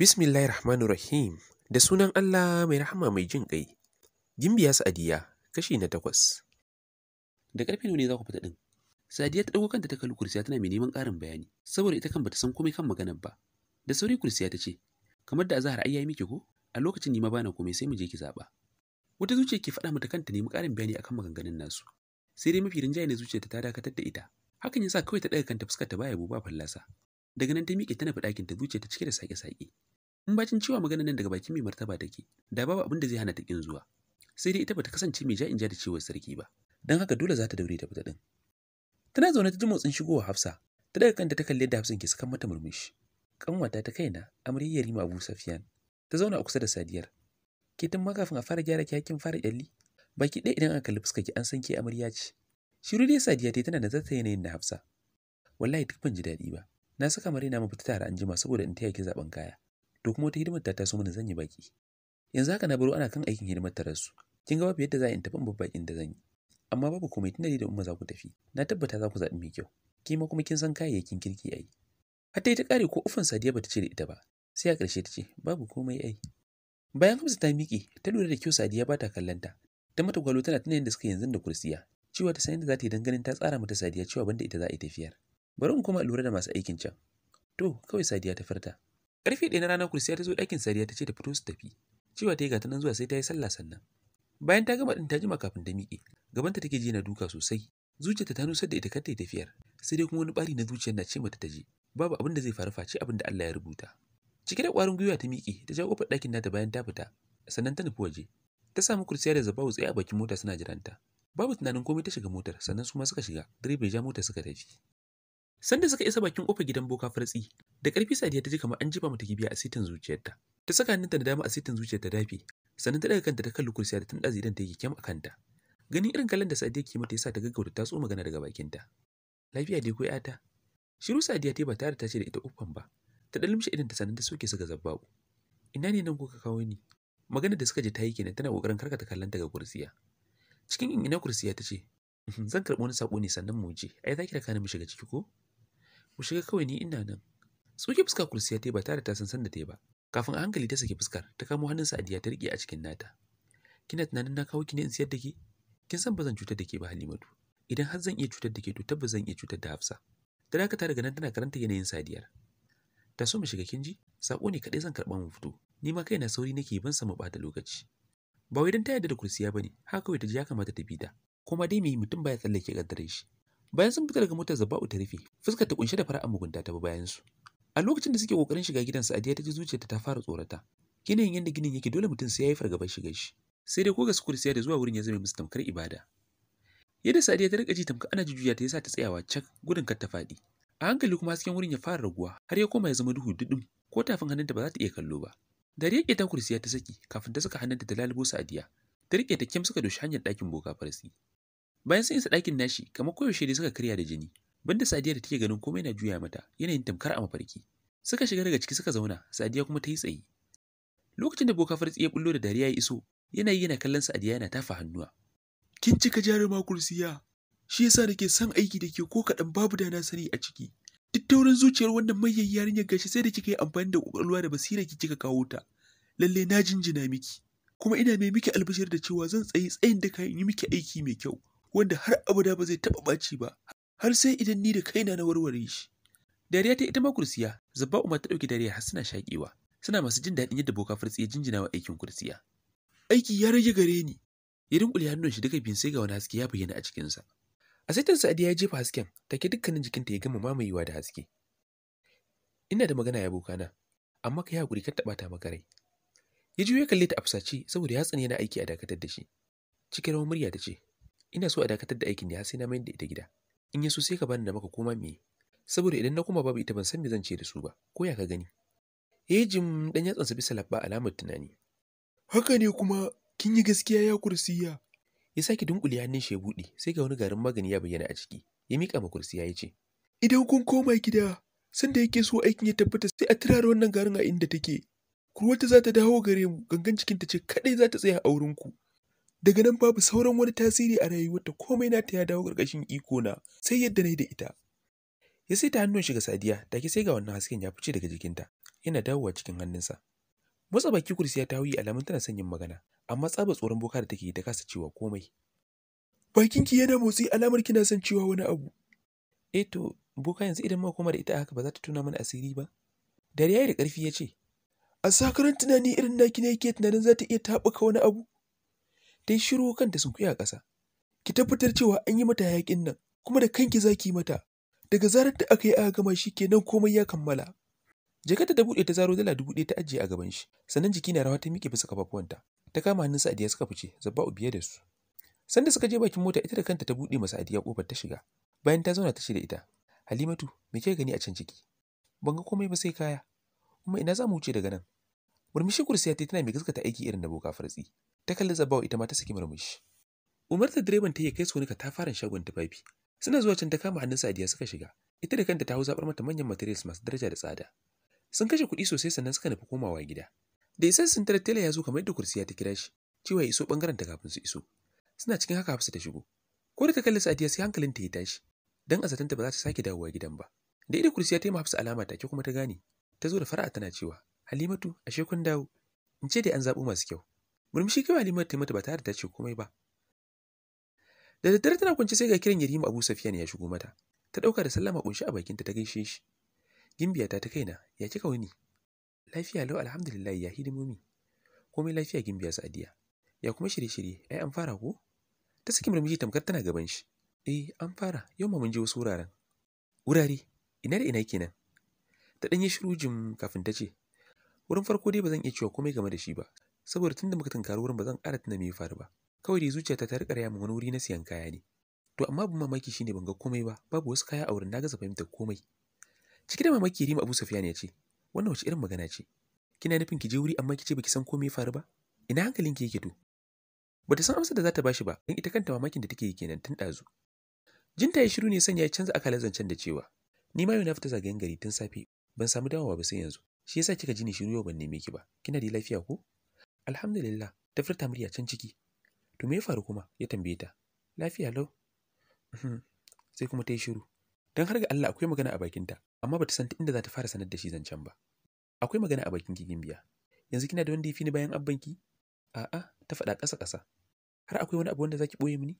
Bismillahi rahmanu Rahim da sunan Allah mai rahama mai jin ƙai. Gimbiya sa'adiyya kashi na takwas. Da ƙarfe ne za ku fita ɗin. Sadiya ta ɗago kanta ta kalli kursiya tana mai neman ƙarin bayani saboda ita kan bata san komai kan maganar ba. Da sauri kursiya ta ce, kamar da azahar ai yayi miki ko? A lokacin ni ma bana komai sai mu je ki zaɓa. Wata zuciya ke faɗa mata kanta nemi ƙarin bayani akan maganganun nasu. sai dai mafi rinjaye ne zuciyarta ta dakatar da ita hakan yasa sa kawai ta ɗaga kanta fuskar ta baya buba fallasa daga nan ta miƙe tana nufi ɗakin ta zuciyarta cike da sake-sake in bacin cewa maganar nan daga bakin mai martaba take da babu abin da zai hana ta kin zuwa sai dai ita bata kasance mai ja in da cewar sarki ba don haka dole za ta daure ta fita din tana zaune ta ji motsin shigowa hafsa ta daga kanta ta kalli yadda hafsan ke sakan mata murmushi kanwata ta kaina amaryar yarima abu safiyan ta zauna a kusa da sadiyar ke tun magafin a fara gyara kyakin fara kyalli baki ɗaya idan aka kalli ki an san ke amarya ce shiru dai sadiya ta tana da zata yanayin da hafsa wallahi duk ban ji daɗi ba na saka mare na mafita tare an jima saboda in taya ki zaben kaya to kuma wata hidimar ta taso mana zan yi baki yanzu haka na baro ana kan aikin hidimar tarar su kin ga babu yadda za in tafi in babbakin da zan yi amma babu komai tunda da umma za ku tafi na tabbata za ku zaɓi mai kyau kima kuma kin san kayayyakin kirki ai hatta ita ƙare ko ufan sadiya bata ce da ita ba sai a ƙarshe ta ce babu komai ai bayan hamsa ta miƙe ta lura da kyau sadiya bata kallon ta ta mata gwalo tana tunanin da suka yanzu da kursiya cewa ta san da za ta yi dangane ta tsara mata sadiya cewa banda ita za a yi tafiyar bari in koma lura da masu aikin can to kawai sadiya ta farta. karfe ɗaya na rana kursiya ta zo ɗakin sadiya ta ce ta fito su tafi cewa ta yi gata nan zuwa sai ta yi sallah sannan bayan ta gama ɗin ta jima kafin ta miƙe gabanta take ji na duka sosai zuciyarta ta nusar da ita kar ta yi tafiyar sai dai kuma wani ɓari na zuciyar na ce mata ta je babu abin da zai faru face abin da Allah ya rubuta cike da ƙwarin gwiwa ta miƙe ta ja kofar ɗakin nata bayan ta fita sannan ta nufi waje ta samu kursiya da zabawu tsaye a bakin mota suna jiranta babu tunanin komai ta shiga motar sannan su ma suka shiga direba ja mota suka tafi sanda suka isa bakin kofar gidan boka fartsi da karfi sadiya ta ji kamar an jiba mata kibiya a sitin zuciyarta ta saka hannunta da dama a sitin zuciyarta dafi sannan ta daga kanta ta kalli kursiya da tun zidan idan take kyam a kanta ganin irin kallon da sadiya ke mata yasa ta gaggauta ta so magana daga bakinta lafiya dai ko ta shiru sadiya ta ba tare ta ce da ita uffan ba ta dalmishi idan ta sanin ta soke suka zabbabu ina ne nan kuka kawo ni maganar da suka ji ta yi kenan tana kokarin karkata kallonta ga kursiya cikin ina kursiya ta ce uhm, zan karɓi wani sako ne sannan mu je ai zaki raka ni mu shiga ciki ko mu shiga kawai ni ina nan tsoke fuska kursiya ta ba tare ta san san da ta ba kafin a hankali ta saki fuskar ta kamo hannun sa'adiya ta rike a cikin nata kina tunanin na kawo ki ne in siyar da ke? kin san ba zan cutar da ke ba halimatu idan har zan iya cutar da ke to tabbas zan iya cutar da hafsa ta dakata daga nan tana karanta yanayin sadiyar ta so mu shiga kinji sako ne kaɗai zan karɓa mu fito ni ma kaina sauri nake ban mu bata lokaci ba wai don ta yarda da kursiya ba ne haka kawai ta ji ya kamata ta bi da. kuma dai mai mutum baya tsallake kaddare shi bayan sun fita daga motar zabba'u ta rufe fuskar ta kunshe da fara'a mugunta ta ba bayan su a lokacin da suke kokarin shiga gidan sa'adiya ta ji zuciyarta ta fara tsorata ginin yadda ginin yake dole mutum sai ya yi shiga shi sai dai ko gasu kursiya da zuwa wurin ya zama musu tamkar ibada yadda sadiya ta rika ji tamka ana jujuya ta yasa ta tsayawa cak gudun kar ta faɗi a hankali kuma hasken wurin ya fara raguwa har ya koma ya zama duhu dudum ko tafin hannunta ba za ta iya kallo ba Da riƙe ta kursiya ta saki kafin ta saka hannunta da lalubo Sadiya. Ta riƙe ta kyam suka doshi hanyar ɗakin boka farsi. Bayan sun isa ɗakin nashi, kamar koyaushe dai suka karya da jini. Banda Sadiya da take ganin komai na juya mata, yanayin tamkar a mafarki. Suka shiga daga ciki suka zauna, Sadiya kuma ta yi tsaye. Lokacin da boka farsi ya bullo da dariya ya iso, yana yi yana kallon Sadiya yana tafa hannuwa. Kin cika jaruma kursiya, shi yasa nake son aiki da ke ko kaɗan babu da na sani a ciki. duk taurin zuciyar wannan mayyan yarinya gashi sai da kika yi amfani da kwakwalwa da basira ki kika kawo ta lalle na jinjina miki kuma ina mai miki albishir da cewa zan tsayi tsayin da kayan yi miki aiki mai kyau wanda har abada ba zai taba baci ba har sai idan ni da kaina na warware shi dariya ta ita ma kursiya zabba umar ta ɗauki dariya har suna shakewa suna masu jin daɗin yadda boka fartsi ya jinjina wa aikin kursiya aiki ya rage gare ni ya dunkule hannun shi duka biyun sai ga wani haske ya bayyana a cikinsa A saitin Sadiya ya jefa hasken, take dukkanin jikinta ya gama mamayewa da haske. Ina da magana ya bokana, amma ka yi hakuri kar ta ɓata maka rai. Ya juyo ya kalle ta afsace saboda ya tsani yana aiki a dakatar da shi. Cikin rawar murya ta ce, Ina so a dakatar da aikin ne sai na mayar da ita gida. In ya so sai ka bani da maka koma me. Saboda idan na koma babu ita ban san me zan ce da su ba, ko ya ka gani. Ya jim dan yatsansa bisa labba alamar tunani. Haka ne kuma kin yi gaskiya ya kursiya. ya sake dunkule hannun shi ya buɗe sai ga wani garin magani ya bayyana a ciki ya miƙa ma kursiya ya ce idan kun koma gida sanda yake so aikin ya tabbata sai a turare wannan garin a inda take wata za ta dawo gare mu gangan cikin ta ce kadai za ta tsaya a wurinku daga nan babu sauran wani tasiri a rayuwarta komai na ta ya dawo ƙarƙashin iko na sai yadda na yi da ita ya saita hannun shi ga sadiya take sai ga wannan hasken ya fice daga jikinta yana dawowa cikin hannunsa motsa baki kursi ya tawo yi alamun tana son yin magana amma tsaba tsoron boka da take da kasa cewa komai. Bakin ki yana motsi alamar kina son cewa wani abu. Eh to, boka yanzu idan muka koma da ita haka ba za ta tuna mana asiri ba. Dariya yayi da ƙarfi ya ce, A sakarin tunani irin naki ne yake tunanin za ta iya taɓuka wani abu. Ta yi shiru kanta sun kuya ƙasa. Ki tabbatar cewa an yi mata yaƙin nan, kuma da kanki za ki yi mata. Daga zarar da aka yi aka gama shi kenan komai ya kammala. Jakarta ta buɗe ta zaro dala dubu ɗaya ta ajiye a gaban shi, sannan jiki na rawa ta miƙe bisa kafafuwanta. ta kama hannun Sa'adiya suka fice, Zabba'u biye da su. Sanda suka je bakin mota ita da kanta ta buɗe masa adiya kofar ta shiga. Bayan ta zauna ta ce da ita, Halimatu, me ke gani a can ciki? Ban ga komai ba sai kaya. Kuma ina za mu wuce daga nan? Murmushi kursi ta tana mai gaskata aiki irin da boka fartsi. Ta kalli Zabba'u ita ma ta saki murmushi. Umar da direban ta yi kai su ta fara shagon tufafi. Suna zuwa can ta kama hannun Sa'adiya suka shiga. Ita da kanta ta hau zabar mata manyan materials masu daraja da tsada. Sun kashe kuɗi sosai sannan suka nufi komawa gida. Da isan sun tare tela ya zo kamar yadda ya ta kira shi, cewa ya iso bangaren ta kafin su iso. Suna cikin haka Hafsa ta shigo. Ko da ta kalli Sadiya sai hankalin ta ya tashi, dan azatanta ba za ta sake dawowa gidan ba. Da ida kursi ya yi Hafsa alama ke kuma ta gane. Ta zo da fara'a tana cewa, "Halimatu, ashe kun dawo." In ce dai an zabo masu kyau. Murmushi kawai Halimatu ta mata ba tare da ta ce komai ba. Da daddare tana kwance sai ga kiran Yarima Abu Safiyan ya shigo mata. Ta dauka da sallama kunshi a bakinta ta gaishe shi. Gimbiya ta ta kaina, ya kika wuni? Lafiya lau alhamdulillah ya hidimomi. Komai lafiya gimbiya sa'adiya. Ya kuma shirye-shirye, ai an fara ko? Ta saki murmushi tamkar tana gaban shi. Eh, an fara, yau ma mun je wasu wuraren. Wurare, ina da ina kenan? Ta ɗan yi shiru jim kafin ta ce, Wurin farko dai ba zan iya cewa komai game da shi ba, saboda tunda muka tunkari wurin ba zan ƙara tuna me faru ba. Kawai dai zuciyata ta riƙa min wani wuri na siyan kaya ne. To amma bin mamaki shine ban ga komai ba, babu wasu kaya a wurin na gaza fahimtar komai. Ciki da mamaki Rima Abu Sufyan ya ce, wannan wace irin magana ce kina nufin ki je wuri amma ki ce baki san ko me faru ba ina hankalinki yake to bata san amsar da za ta bashi ba don ita kanta mamakin da take yi kenan tun ɗazu jinta ya shiru ne sanya ya canza akalar zancen da cewa ni ma yau na fita zagayen gari tun safe ban samu dawowa ba sai yanzu shi yasa kika ji ni shiru yau ban neme ki ba kina da lafiya ko alhamdulillah ta furta murya can ciki to me ya faru kuma ya tambaye ta lafiya lau uhm, sai kuma ta yi shiru don har ga Allah akwai magana a bakinta amma bata san inda za ta fara sanar da shi zancen ba akwai magana a bakin kikin biya. yanzu kina da wanda yafi ni bayan abbanki a'a ta faɗa ƙasa ƙasa har akwai wani abu wanda zaki ɓoye mini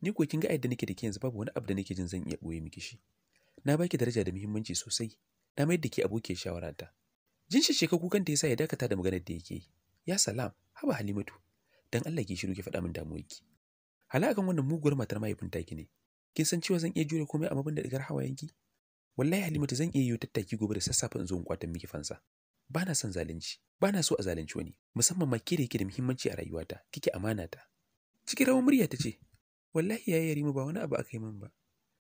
ni ko kin ga yadda nake da ke yanzu babu wani abu da nake jin zan iya ɓoye miki shi na baki daraja da muhimmanci sosai na mayar da ke abokiyar ta jin shi ka kukan ta yasa ya dakata da maganar da yake ya salam haba halimatu dan Allah ki shiru ki faɗa min damuwarki hala akan wannan muguwar matar mahaifin taki ne kin san cewa zan iya jure komai a mabin da digar hawayenki wallahi halimatu zan iya yi tattaki gobe da sassafe in zo in kwatan miki fansa ba na son zalunci bana so a zalunci wani musamman ma ke da yake da muhimmanci a rayuwata kike amana ta cikin rawar murya ta ce wallahi yayi yarimu ba wani abu aka yi min ba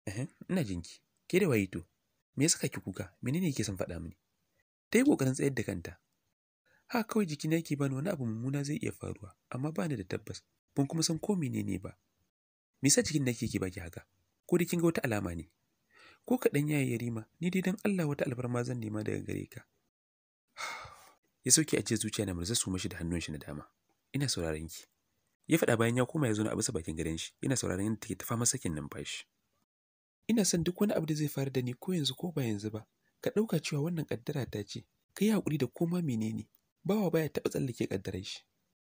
eh ina jinki ke da wayito me yasa kake kuka menene yake son faɗa mini ta yi kokarin tsayar da kanta ha kawai jikina yake bani wani abu mummuna zai iya faruwa amma ba da tabbas ban kuma san ko menene ba me yasa cikin nake ke baki haka ko da kin ga wata alama ne ko kaɗan yayi yarima, ni dai dan Allah wata alfarma zan nema daga gare ka ya sauke a ce zuciya na murza su mashi da hannun shi na dama ina sauraron ki ya faɗa bayan ya koma ya zo na bisa bakin gidan shi Ina sauraron yadda take tafa masa kin numfashi ina son duk wani abu da zai faru da ni ko yanzu ko ba yanzu ba ka ɗauka cewa wannan kaddara ta ce ka yi haƙuri da koma menene bawa baya taɓa tsallake ƙaddarar shi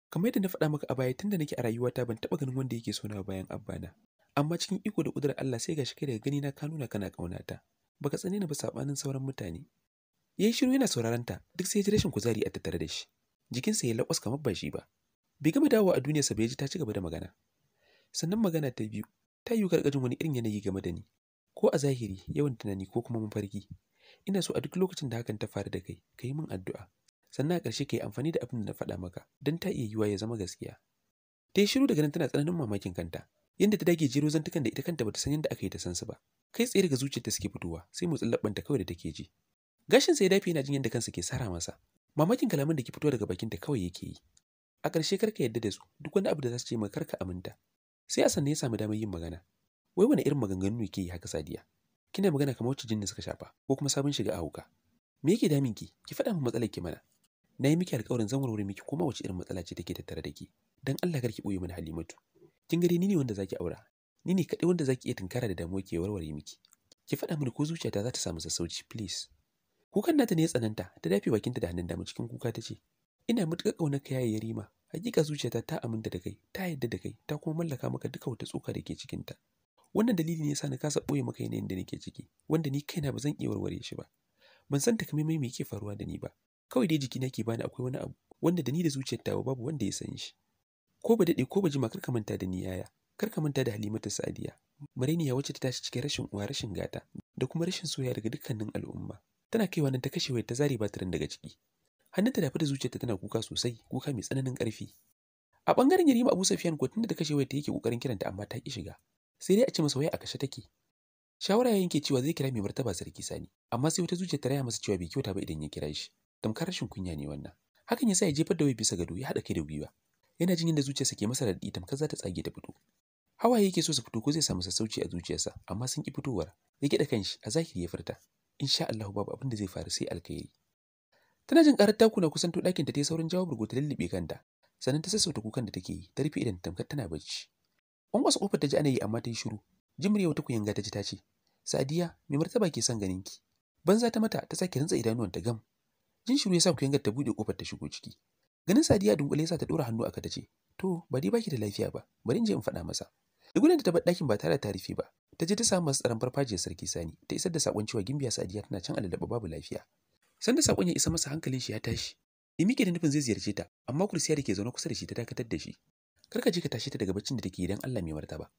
kamar yadda na faɗa maka a baya tun da nake a rayuwata ban taɓa ganin wanda yake sona bayan abbana amma cikin iko da ƙudurar Allah sai gashi kai daga gani na ka nuna kana ƙaunata baka tsane ni ba sabanin sauran mutane yayi shiru yana sauraron ta duk sai ya ji rashin kuzari a tattare da shi jikinsa ya laƙwas kamar ba shi ba bai gama dawowa a duniyarsa bai ji ta ci gaba da magana sannan magana ta biyu ta yi gargajin wani irin yanayi game da ni ko a zahiri yawan tunani ko kuma mafarki ina so a duk lokacin da hakan ta faru da kai ka yi min addu'a sannan a ƙarshe ka yi amfani da abin da na faɗa maka don ta iya yiwuwa ya zama gaskiya ta yi shiru daga nan tana tsananin mamakin kanta yadda ta dage jero zantukan da ita kanta bata san yadda aka yi ta san su ba kai tsaye daga zuciyarta suke fitowa sai motsin labbanta kawai da take ji gashin ya dafe yana jin yadda kansa ke sara masa mamakin kalaman da ke fitowa daga bakinta kawai yake yi a ƙarshe kar ka yadda da su duk wani abu da za su ce kar karka aminta sai a sannan ya samu damar yin magana wai wani irin maganganu ke yi haka sadiya kina magana kamar wacce jinni suka shafa ko kuma sabon shiga a hauka me yake damin ki ki faɗa min matsalar ki mana na yi miki alƙawarin zan warware miki kuma wace irin matsala ce take tattare da ke dan Allah kar ki boye mana Halimatu kin gare ni ne wanda zaki aura ni ne kadai wanda zaki iya tunkara da damuwa ke warware miki ki faɗa mini ko zuciyata za ta samu sassauci please kukan nata ne ya tsananta ta dafe bakinta da hannun dama cikin kuka ta ce ina matuƙar ƙaunar ka yayi yarima hakika zuciyata ta aminta da kai ta yadda da kai ta kuma mallaka maka duka wata tsoka da ke cikinta wannan dalili ne yasa na kasa ɓoye maka yanayin da nake ciki wanda ni kaina ba zan iya warware shi ba ban san takamaimai me yake faruwa da ni ba kawai dai jikina nake bani akwai wani abu wanda da ni da zuciyar tawa babu wanda ya san shi ko ba dade ko ba jima kar ka manta da ni yaya kar ka manta da Halimatu Sadiya Mareniya wacce ta tashi cikin rashin uwa rashin gata da kuma rashin soyayya daga dukkanin al'umma tana kaiwa nan ta kashe wayar ta zare batirin daga ciki hannunta da fata zuciyarta tana kuka sosai kuka mai tsananin ƙarfi a bangaren Yarima Abu Sufyan ko tunda da kashe wayar ta yake kokarin kiranta amma ta ki shiga sai dai a ce masa waya a kashe take shawara ya yanke cewa zai kira mai martaba sarki sani amma sai wata zuciyar ta raya masa cewa bai kyauta ba idan ya kira shi tamkar rashin kunya ne wannan hakan yasa ya jefar da wai bisa gado ya haɗa kai da gwiwa yana jin yadda zuciyarsa ke masa radi tamkar za ta tsage ta fito hawaye yake so su fito ko zai samu sassauci a zuciyarsa amma sun ki fitowar ya gida kanshi a zahiri ya furta insha Allah babu abin da zai faru sai alkhairi tana jin karar takuna kusan to dakin ta tayi saurin jawo burgo ta lullube kanta sannan ta sassauta kukan da take yi ta rufe idan tamkar tana bacci ƙwanƙwasa ƙofar ta ji ana yi amma ta yi shiru jimriya wata kuyanga ta ji ta ce sadiya mai martaba ke son ganinki banza ta mata ta sake rantsa ta gam Jin shiru ya sa yanga ta buɗe ƙofar ta shigo ciki. Ganin Sadiya dunkule ya sa ta dora hannu a tace. "To, ba dai baki da lafiya ba, bari in je in faɗa masa." Da gudun ta bar ɗakin ba tare da tarifi ba, ta je ta samu masu tsaron farfajiyar sarki Sani, ta isar da saƙon cewa Gimbiya Sadiya tana can alalaba babu lafiya. Sanda sakon ya isa masa hankalin shi ya tashi. Ya miƙe da nufin zai ziyarce ta, amma kursiya da ke zaune kusa da shi ta dakatar da shi. Kar ka je ka tashi ta daga baccin da take idan Allah mai martaba.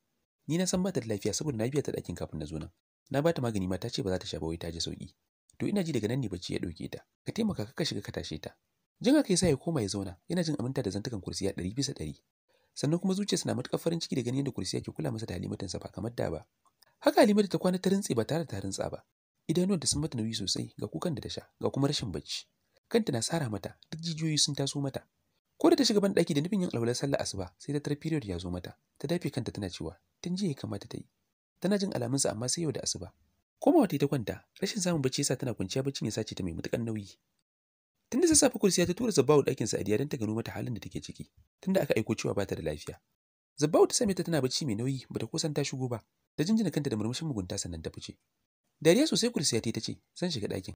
Ni na san ba ta da lafiya saboda na biya ta ɗakin kafin na zo nan. Na ba ta magani ma ta ce ba za ta sha ba wai ta ji sauki. to ina ji daga nan ne bacci ya ɗauke ta ka taimaka ka shiga ka tashe ta jin haka yasa ya koma ya zauna yana jin aminta da zantukan a ɗari bisa ɗari sannan kuma zuciyarsa na matuƙar farin ciki da ganin yadda kursi ke kula masa da halimatinsa ba kamar da ba haka halimatu ta kwana ta rintse ba tare da ta rintsa ba idanuwanta sun mata nauyi sosai ga kukan da ta sha ga kuma rashin bacci kanta na sara mata duk jijiyoyi sun taso mata ko da ta shiga ban daki da nufin yin alwalar sallah asuba sai ta tar period ya zo mata ta dafe kanta tana cewa tun jiya ya kamata ta yi tana jin alamunsa amma sai yau da asuba Koma wata ta kwanta, rashin samun bacci yasa tana kwanciya baccin ya sace ta mai matukan nauyi. Tunda safi kursiya ta tura Zabba'u ɗakin sa Adiya don ta gano mata halin da take ciki, tunda aka aiko cewa bata da lafiya. Zabawu ta same ta tana bacci mai nauyi, bata kusan ta shigo ba, ta jinjina kanta da murmushin mugunta sannan ta fice. Dariya sosai kursiya ta ce, "Zan shiga ɗakin."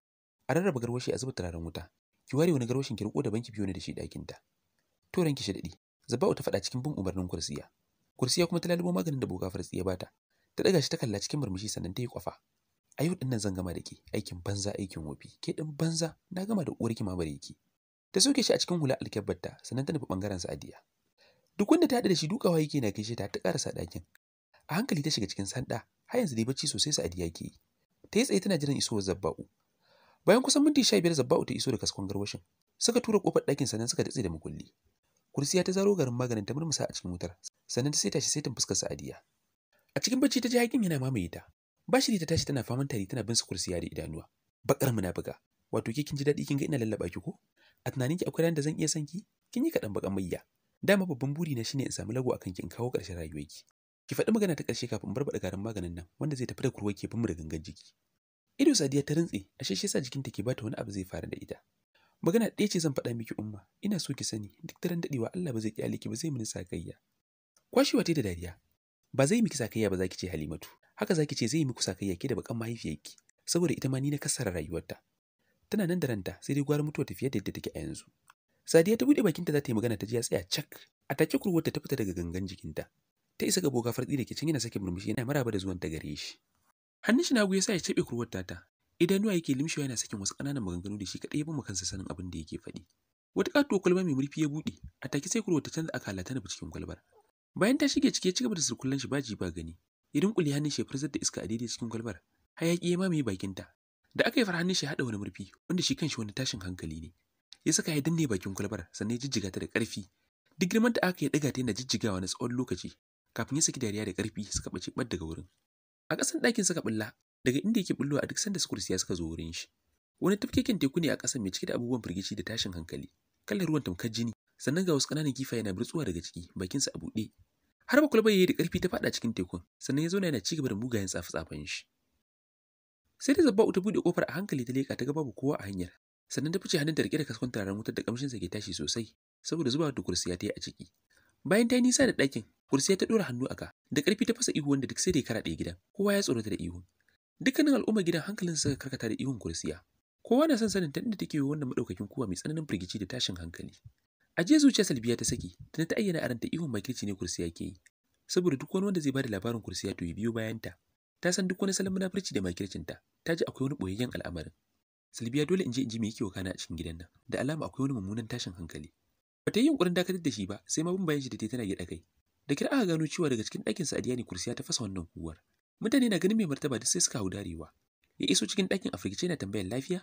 A rarraba garwashi a zuba turaren wuta. Ki ware wani garwashin ki riko da banki biyu ne da shi ɗakin ta. To ranki shi daɗi. ta faɗa cikin bin umarnin kursiya. Kursiya kuma ta lalubo maganin da bata. Ta ɗaga shi ta kalla cikin murmushi sannan ta yi kwafa. a yau dinnan zan gama da ke aikin banza aikin wofi ke din banza na gama da uwarki ma bare ki ta soke shi a cikin hula alkebbarta sannan ta nufi bangaren sa'adiya duk wanda ta haɗu da shi dukawa yake na kai ta ta karasa ɗakin a hankali ta shiga cikin sanda har yanzu dai bacci sosai sa'adiya ke yi ta yi tsaye tana jiran isowar zabba'u bayan kusan minti sha biyar zabba'u ta iso da kaskon garwashin suka tura kofar ɗakin sannan suka datse da mukulli kursiya ta zaro garin maganin ta murmusa a cikin wutar sannan ta saita shi ta fuskar sa'adiya a cikin bacci ta ji hakin yana mamaye ta Bashiri ta tashi tana faman tari tana bin su da idanuwa. Bakar buga. Wato ke kin ji daɗi kin ga ina lallaba ki ko? A tunanin ki akwai ran da zan iya san ki? Kin yi kaɗan bakan mayya. Dama babban buri na shine in samu lagu akan ki in kawo ƙarshen rayuwar Ki ki faɗi magana ta ƙarshe kafin barba barbaɗa garin maganin nan wanda zai tafi da kurwa ke bin da gangan jiki. Ido Sadiya ta rintse, ashe shi yasa jikinta ke bata wani abu zai fara da ita. Magana ɗaya ce zan faɗa miki umma, ina so ki sani duk daren daɗewa Allah ba zai kyale ki ba zai mini sakayya. Kwashewa ta da dariya. Ba zai miki sakayya ba za ki ce Halimatu. haka zaki ce zai yi muku sakayya ke da bakan mahaifiyarki saboda ita ma ni na kasara rayuwarta tana nan da ranta sai dai gwara mutuwa tafiya da yadda take a yanzu sadiya ta bude bakinta za ta yi magana ta ji ya tsaya cak a take kurwarta ta fita daga gangan jikinta ta isa ga boka farɗi da ke can yana sake murmushi yana maraba da zuwan ta gare shi hannun shi nagu ya sa ya cebe kurwar tata idanuwa yake limshewa yana sakin wasu ƙananan maganganu da shi kaɗai ya bamu kansa sanin abin da yake faɗi wata ƙatuwar kwalba mai murfi ya buɗe a take sai kurwar ta canza akala ta nufi cikin kwalbar bayan ta shige ciki ya gaba da shi baji ba gani irin kuli hannun shi ya da iska a daidai cikin kwalbar hayaki ya mamaye bakinta da aka yi fara hannun shi haɗa wani murfi wanda shi kanshi wani tashin hankali ne ya saka ya danne bakin kwalbar sannan ya jijjiga ta da ƙarfi duk girman da aka yi daga ta yana jijjigawa na tsawon lokaci kafin ya saki dariya da ƙarfi suka ɓace ɓad daga wurin a ƙasan ɗakin suka ɓulla daga inda yake ɓullo a duk sanda su ya suka zo wurin shi wani tafkeken teku ne a ƙasa mai cike da abubuwan firgici da tashin hankali kalar ruwan tamkar jini sannan ga wasu ƙananan kifaye na birtsuwa daga ciki bakinsa a buɗe Har ba ya yayi da ƙarfi ta faɗa cikin tekun, sannan ya zo yana cigaba da mugayen tsafe-tsafen shi. Sai da zabba ta buɗe kofar a hankali ta leƙa ta ga babu kowa a hanyar, sannan ta fice hannun da riƙe da kaskon turaren wutar da ƙamshinsa ke tashi sosai, saboda zuba da kursiya ta yi a ciki. Bayan ta yi nisa da ɗakin, kursiya ta ɗora hannu a ka, da ƙarfi ta fasa ihu wanda duk sai da ya karaɗe gidan, kowa ya tsorata da ihu. Dukkanin al'umma gidan hankalinsa suka karkata da ihun kursiya, kowa na son sanin ta inda take wannan madaukakin kuwa mai tsananin firgici da tashin hankali A jiya zuciya Salbiya ta saki, tana ta ayyana aranta ihun makirci ne kursiya ke yi. Saboda duk wani wanda zai bada labarin kursiya to ya biyo bayanta. Ta san duk wani salon munafurci da makircinta, ta ji akwai wani boyayyen al'amarin. Salbiya dole in je in ji me yake wakana a cikin gidan nan, da alama akwai wani mummunan tashin hankali. ta yi yunkurin dakatar da shi ba, sai ma bin bayan shi da tana gyaɗa kai. Da kira aka gano cewa daga cikin ɗakin Sadiya ne kursiya ta fasa wannan kuwar. Mutane na ganin mai martaba da sai suka hau darewa. Ya iso cikin ɗakin a firgice na tambayar lafiya?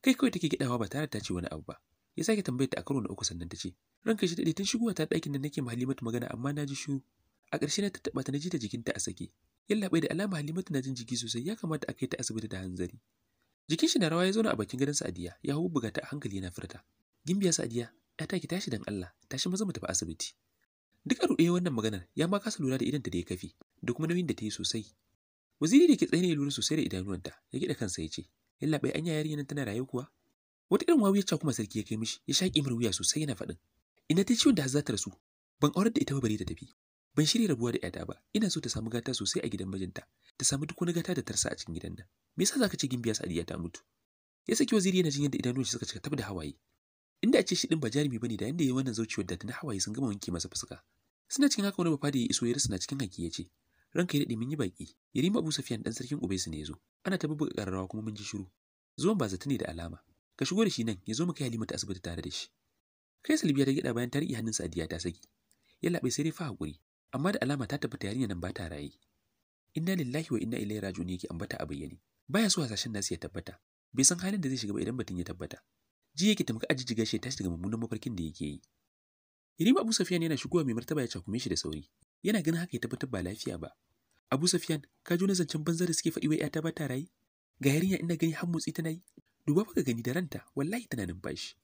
Kai kawai take gidawa ba tare da ta ce wani abu ba. ya sake tambayar ta a karo na uku sannan ta ce ranka shi daɗe tun shigowa ta ɗakin da nake ma Halimatu magana amma na ji shiru a ƙarshe na tattaɓa ta na ji ta jikinta a sake yallaɓai da alama Halimatu na jin jiki sosai ya kamata a kai ta asibiti da hanzari jikin shi na rawa ya zauna a bakin gidan Sa'adiya ya hau buga ta a hankali yana furta gimbiya Sa'adiya ya ta tashi dan Allah tashi maza mu tafi asibiti duk a ruɗe wannan maganar ya ma kasa lura da idan ta da ya kafi da kuma nauyin da ta yi sosai waziri da ke tsaye ne lura sosai da idanuwanta ya gida kansa ya ce yallaɓai anya yarinyar tana rayu kuwa wata irin wawiyar ca kuma sarki ya kai mishi ya shaƙe mura wuya sosai yana faɗin ina ta ciwon da za ta rasu ban aurar da ita ba bare ta tafi ban shirya rabuwa da ƴata ba ina so ta samu gata sosai a gidan mijinta ta samu duk wani gata da tarsa a cikin gidan nan me yasa zaka ce gimbiya sadiya ta mutu ya saki waziri yana jin yadda idanun shi suka cika tab da hawaye inda a ce shi din ba jarumi bane da yanda yayi wannan zauciyar da tana hawaye sun gama wanke masa fuska suna cikin haka wani bafadi ya iso ya na cikin haki ya ce ranka ya daɗe mun yi baki yarima abu safiyan dan sarkin ubaisu ne ya zo ana ta bubbuga kuma mun ji shiru zuwan ba zata ne da alama ka shigo da shi nan ya zo mu kai Halima ta asibiti tare da shi kai Salbiya ta gida bayan ta riƙe hannun Sadiya ta saki ya laɓe sai dai fa hakuri amma da alama ta tabbata yarinya nan ba ta raye inna lillahi wa inna ilaihi raji'un yake ambata a bayyane baya so hasashen nasu ya tabbata bai san halin da zai shiga ba idan batun ya tabbata ji yake jiga shi gashi tashi daga mummunan mafarkin da yake yi irin Abu Safiyan yana shigowa mai martaba ya cakume shi da sauri yana ganin haka ya tabbatar ba lafiya ba Abu Safiyan ka ji zancen banza da suke faɗi wa ta ba ta raye ga yarinya ina gani har motsi tana yi duba baka gani da ranta wallahi tana numfashi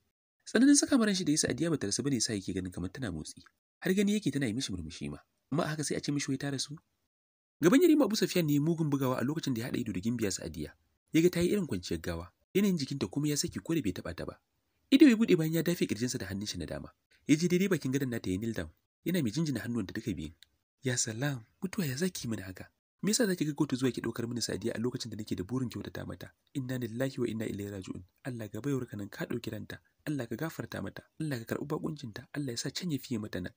tsananin saka maran shi da yasa adiya bata rasa bane sa yake ganin kamar tana motsi har gani yake tana yi mishi murmushi ma amma haka sai a ce mishi wai ta rasu gaban yarima abu safiyan ne mugun bugawa a lokacin da ya haɗa ido da gimbiya sa adiya Yaga ta yi irin kwanciyar gawa yanayin jikinta kuma ya saki ko da bai taɓa ta ba ido ya buɗe bayan ya dafe kirjinsa da hannun shi na dama ya ji daidai bakin gadon nata ya Nildam. yana mai jinjina hannuwanta duka biyun ya salam mutuwa ya zaki mana haka Me yasa zaki ga kotu zuwa ki daukar mini sadiya a lokacin da nake da burin kyautata mata? Inna lillahi wa inna ilaihi raji'un. Allah ga bayar kanan ka dauki ranta. Allah ka gafarta mata. Allah ka karbi bakuncinta. Allah ya sa can ya fiye mata nan.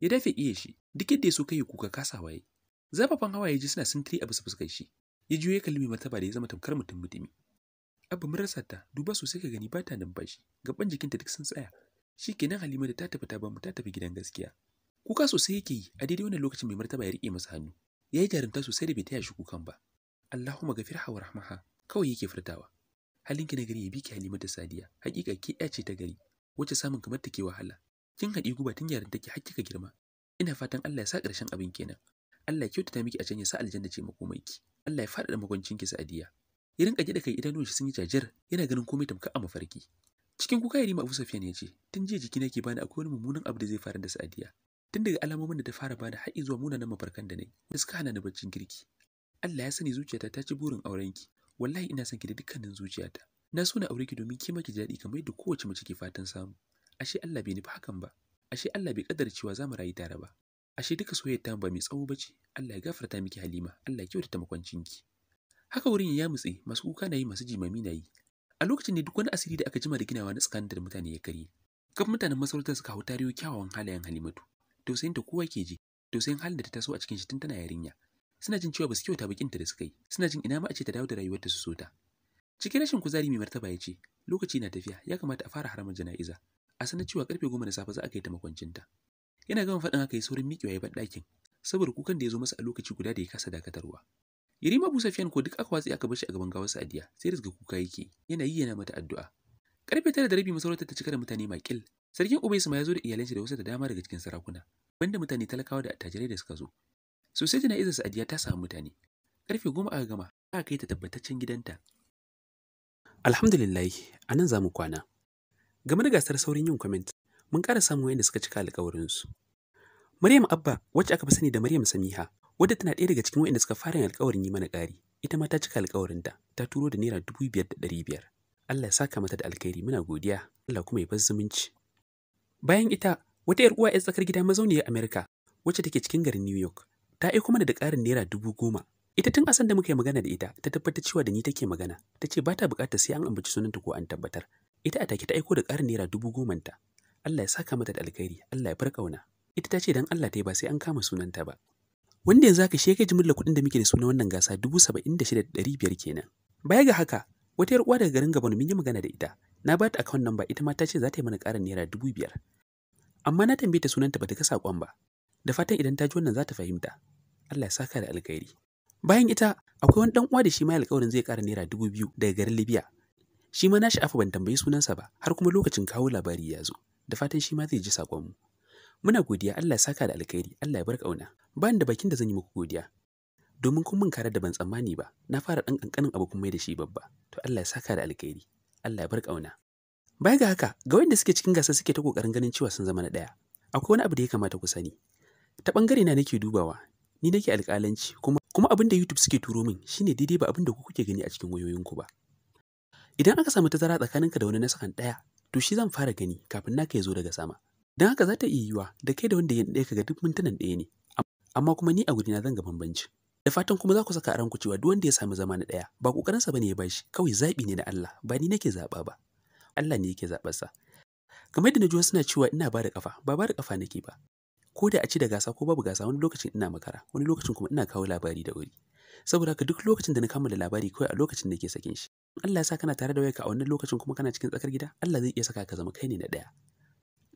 Ya dafe iya shi. Duk yadda ya so kai kuka kasa waye. Zafafan hawaye ji suna sintiri a bisa fuskar shi. Ya juyo ya kalmi martaba da ya zama tamkar mutum mutumi. Abba mun rasa ta, duba sosai ka gani bata numfashi. Gaban jikinta duk sun tsaya. Shi kenan Halima da ta tafi ta bamu ta tafi gidan gaskiya. Kuka sosai yake yi a daidai wannan lokacin mai martaba ya rike masa hannu. ya yi jarumta sosai da bai taya shi kukan ba Allahumma gafirha hawa rahmaha kawai yake furtawa halinki na gari ya bi ki halima da sadiya hakika ki ya ce ta gari wacce samun kamar take wahala kin haɗi guba tun yarinta ki har kika girma ina fatan Allah ya sa ƙarshen abin kenan Allah ya kyautata miki a can ya sa aljanna ce makomai ki Allah ya faɗaɗa makoncin ki sadiya ya rinka da kai idanun shi sun yi jajir yana ganin komai tamkar a mafarki cikin kuka ya rima Abu ne ya ce tun jiya jiki ke bani akwai wani mummunan abu da zai faru da Sa'adiya tun daga alamomin da ta fara bada har zuwa munanan mafarkan da nayi da suka hana ni barcin girki Allah ya sani zuciyata ta ci burin auren ki wallahi ina son ki da dukkanin zuciyata na so na aure ki domin ki maki daɗi kamar yadda kowace mace ke fatan samu ashe Allah bai nufi hakan ba ashe Allah bai kaddara cewa za mu rayu tare ba ashe duka soyayyar ta ba mai tsawo ba ce Allah ya gafarta miki Halima Allah ya kyautata ki haka wurin ya mutse masu kuka na yi masu jimami na yi a lokacin ne duk wani asiri da aka jima da ginawa na tsakanin da mutane ya kare kan mutanen masarautar suka hau tariyo kyawawan halayen Halimatu sai ta kowa ke ji tausayin halin da ta taso a cikin shi tun tana yarinya suna jin cewa ba su kyauta bakin ta da suka yi suna jin ina ma ce ta dawo da rayuwar ta su sota. cikin rashin kuzari mai martaba ya ce lokaci na tafiya ya kamata a fara haramar jana'iza a sanar cewa karfe goma na safe za a kai ta makwancinta yana gama faɗin haka ya saurin miƙewa ya bar ɗakin saboda kukan da ya zo masa a lokaci guda da ya kasa dakatarwa Yarima Abu Safiyan ko duk aka watsi aka bar shi a gaban gawar Sadiya sai rizga kuka yake yana yi yana mata addu'a. Karfe tara da rabi masarautar ta cika da mutane makil Sarkin sama ya zo da iyalansa da wasu da dama daga cikin sarakuna, banda mutane talakawa da attajirai da suka zo. Sosai jana'izar Sa'adiya ta samu mutane. Karfe goma aka gama, aka kai ta tabbataccen gidanta. Alhamdulillah, a nan za mu kwana. Game da gasar saurin yin comment, mun ƙara samun wayanda suka cika alƙawarinsu. Maryam Abba, wacce aka fi sani da Maryam Samiha, wadda tana ɗaya daga cikin wayanda suka fara yin alƙawarin yi mana ƙari, ita ma ta cika alƙawarinta, ta turo da naira dubu biyar da ɗari biyar. Allah ya saka mata da alkhairi muna godiya, Allah kuma ya bar zumunci. Bayan ita, wata 'yar uwa 'yar tsakar gida mazauniyar Amerika, wacce take cikin garin New York, ta aiko mana da ƙarin naira dubu goma. Ita tun asan da muka yi magana da ita, ta tabbatar cewa da ni take magana, ta ce ba ta buƙatar sai an ambaci sunanta ko an tabbatar. Ita a take ta aiko da ƙarin naira dubu gomanta. Allah ya saka mata da alkhairi, Allah ya farkauna. Ita ta ce dan Allah ta yi ba sai an kama sunanta ba. Wanda yanzu haka shi ya kai kuɗin da muke da su na wannan gasa dubu saba'in da shida da ɗari biyar kenan. Baya ga haka, wata 'yar uwa daga garin Gabon mun yi magana da ita, na bata ta account number ita ma ta ce za ta yi mana ƙarin naira dubu biyar amma na tambaye ta sunanta ta ga saƙon ba da fatan idan ta ji wannan za ta fahimta Allah ya saka da alkhairi bayan ita akwai wani dan uwa da shi ma alƙawarin zai ƙara naira dubu biyu daga garin Libya shi ma na sha'afa ban tambayi sunansa ba har kuma lokacin kawo labari ya zo da fatan shi ma zai ji saƙonmu muna godiya Allah ya saka da alkhairi Allah ya bar kauna ba da bakin da zan yi muku godiya domin kun mun kare da ban tsammani ba na fara ɗan ƙanƙanin abu kun mai da shi babba to Allah ya saka da alkhairi Allah ya bar ƙauna. Baya ga haka, ga wanda suke cikin gasa suke ta ƙoƙarin ganin cewa sun zama na ɗaya, akwai wani abu da ya kamata ku sani. Ta ɓangare na nake dubawa, ni nake alƙalanci kuma kuma abin da YouTube suke turo min shine daidai ba abin da ku kuke gani a cikin wayoyinku ba. Idan aka samu tazara tsakaninka da wani na sakan ɗaya, to shi zan fara gani kafin naka kai zo daga sama. Don haka za ta iya yiwuwa da kai da wanda ya ɗaya kaga duk mintunan ɗaya ne, amma kuma ni a gudina zan ga bambanci. Da fatan kuma za ku saka a ranku cewa duk wanda ya sami zama na ɗaya ba ƙoƙarinsa ba ne ya bashi kawai zaɓi ne na Allah ba ni nake zaɓa ba. Allah ne yake zaɓarsa. Kamar yadda na ji wasu suna cewa ina ba da ƙafa ba ba da ƙafa nake ba. Ko da a ci da gasa ko babu gasa wani lokacin ina makara wani lokacin kuma ina kawo labari da wuri. Saboda haka duk lokacin da na kammala labari kawai a lokacin ke sakin shi. Allah ya sa kana tare da wayarka a wannan lokacin kuma kana cikin tsakar gida Allah zai iya saka ka zama kai ne na ɗaya.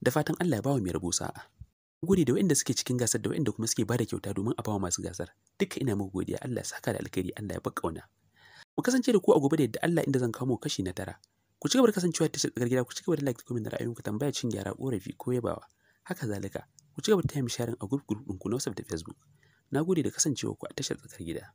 Da fatan Allah ya bawa mai rabo sa'a. gode da waɗanda suke cikin gasar da waɗanda kuma suke bada kyauta domin a bawa masu gasar. Duka ina muku godiya Allah ya saka da alkhairi Allah ya bakauna. Mu kasance da ku a gobe da yadda Allah inda zan kawo kashi na tara. Ku ci gaba da kasancewa ta tsakar gida ku ci gaba da like comment da ra'ayoyinku tambaya cin gyara korafi ko yabawa. Haka zalika ku ci gaba da taya mi sharing a group group ɗinku na WhatsApp da Facebook. Na gode da kasancewa ku a tashar tsakar gida.